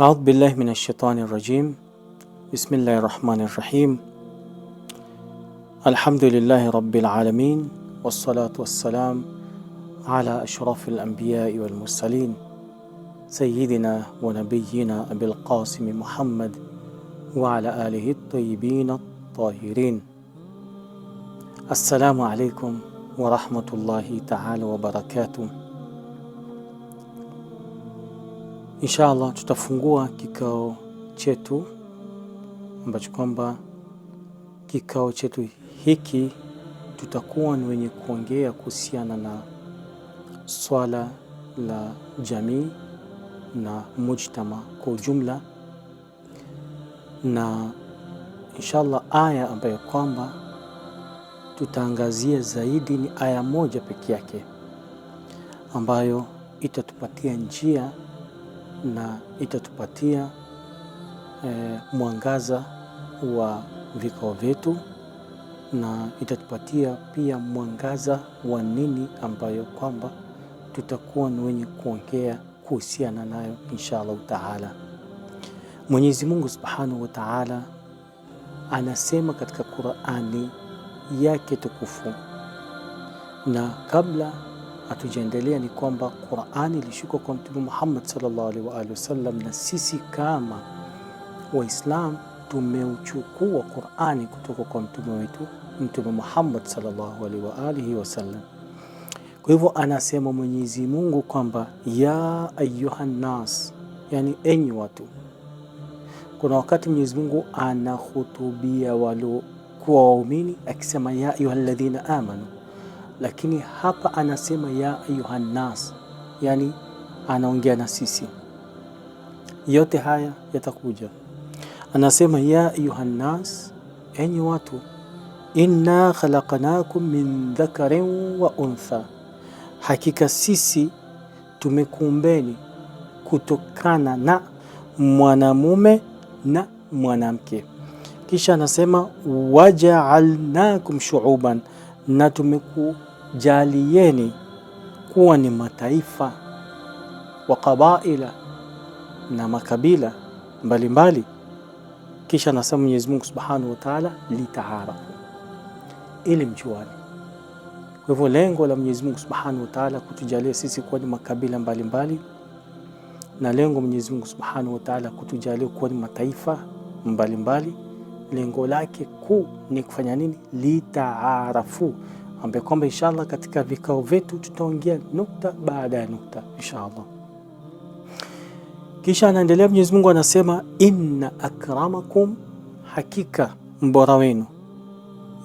أعوذ بالله من الشيطان الرجيم بسم الله الرحمن الرحيم الحمد لله رب العالمين والصلاة والسلام على أشرف الأنبياء والمرسلين سيدنا ونبينا أبي القاسم محمد وعلى آله الطيبين الطاهرين السلام عليكم ورحمة الله تعالى وبركاته Inshallah tutafungua kikao chetu ambacho kwamba kikao chetu hiki tutakuwa ni wenye kuongea kuhusiana na swala la jamii na mujtama kwa ujumla, na inshallah aya ambayo kwamba tutaangazia zaidi ni aya moja peke yake ambayo itatupatia njia na itatupatia e, mwangaza wa vikao vyetu na itatupatia pia mwangaza wa nini ambayo kwamba tutakuwa ni wenye kuongea kuhusiana nayo insha Allahu taala. Mwenyezi Mungu subhanahu wa taala anasema katika Qurani yake tukufu na kabla hatujaendelea ni kwamba Qurani ilishuka kwa Mtume Muhammad sallallahu alaihi wa alihi wasallam, na sisi kama waislam tumeuchukua Qurani kutoka kwa mtume wetu Mtume Muhammad sallallahu alaihi wa alihi wasallam. Kwa hivyo anasema Mwenyezi Mungu kwamba ya ayuhan nas, yani enyi watu. Kuna wakati Mwenyezi Mungu anahutubia waliokuwa waumini akisema ya ayuhaladhina amanu lakini hapa anasema ya ayuhannas, yani anaongea na sisi. Yote haya yatakuja, anasema ya ayuhannas, enyi watu, inna khalaqnakum min dhakarin wa untha, hakika sisi tumekuumbeni kutokana na mwanamume na mwanamke. Kisha anasema wajaalnakum shuuban, na tumeku jalieni kuwa ni mataifa wa kabaila na makabila mbalimbali mbali. Kisha anasema Mwenyezi Mungu Subhanahu wa Ta'ala, litaarafu, ili mchuani Kwa hivyo lengo la Mwenyezi Mungu Subhanahu wa Ta'ala kutujalia sisi kuwa ni makabila mbalimbali mbali, na lengo Mwenyezi Mungu Subhanahu wa Ta'ala kutujalia kuwa ni mataifa mbalimbali mbali. Lengo lake kuu ni kufanya nini? Litaarafu ambaye kwamba inshallah katika vikao vyetu tutaongea nukta baada ya nukta inshallah. Kisha anaendelea Mwenyezi Mungu anasema, inna akramakum, hakika mbora wenu,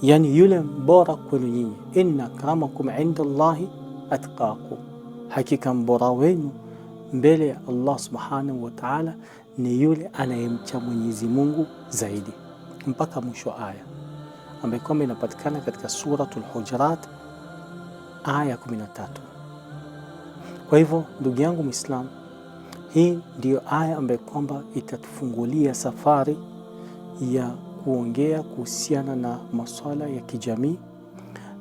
yani yule mbora kwenu nyinyi. Inna akramakum inda Allahi atqakum, hakika mbora wenu mbele ya Allah subhanahu wa ta'ala ni yule anayemcha Mwenyezi Mungu zaidi, mpaka mwisho aya ambayo kwamba inapatikana katika Suratul Hujurat aya 13. Kwa hivyo ndugu yangu Muislam, hii ndiyo aya ambayo kwamba itatufungulia safari ya kuongea kuhusiana na masuala ya kijamii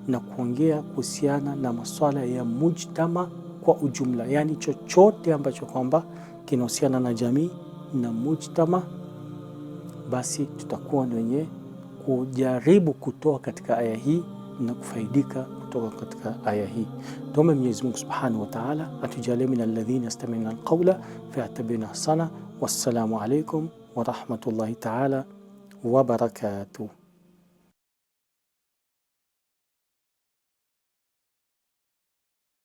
na kuongea kuhusiana na masuala ya mujtama kwa ujumla, yaani chochote ambacho kwamba kinahusiana na jamii na mujtama, basi tutakuwa ni wenye kujaribu kutoa katika aya hii na kufaidika kutoka katika aya hii. Tuombe Mwenyezi Mungu Subhanahu wa Ta'ala atujalie min alladhina yastami'una alqawla fayattabi'una ahsana. Wassalamu alaykum wa rahmatullahi ta'ala wa barakatuh.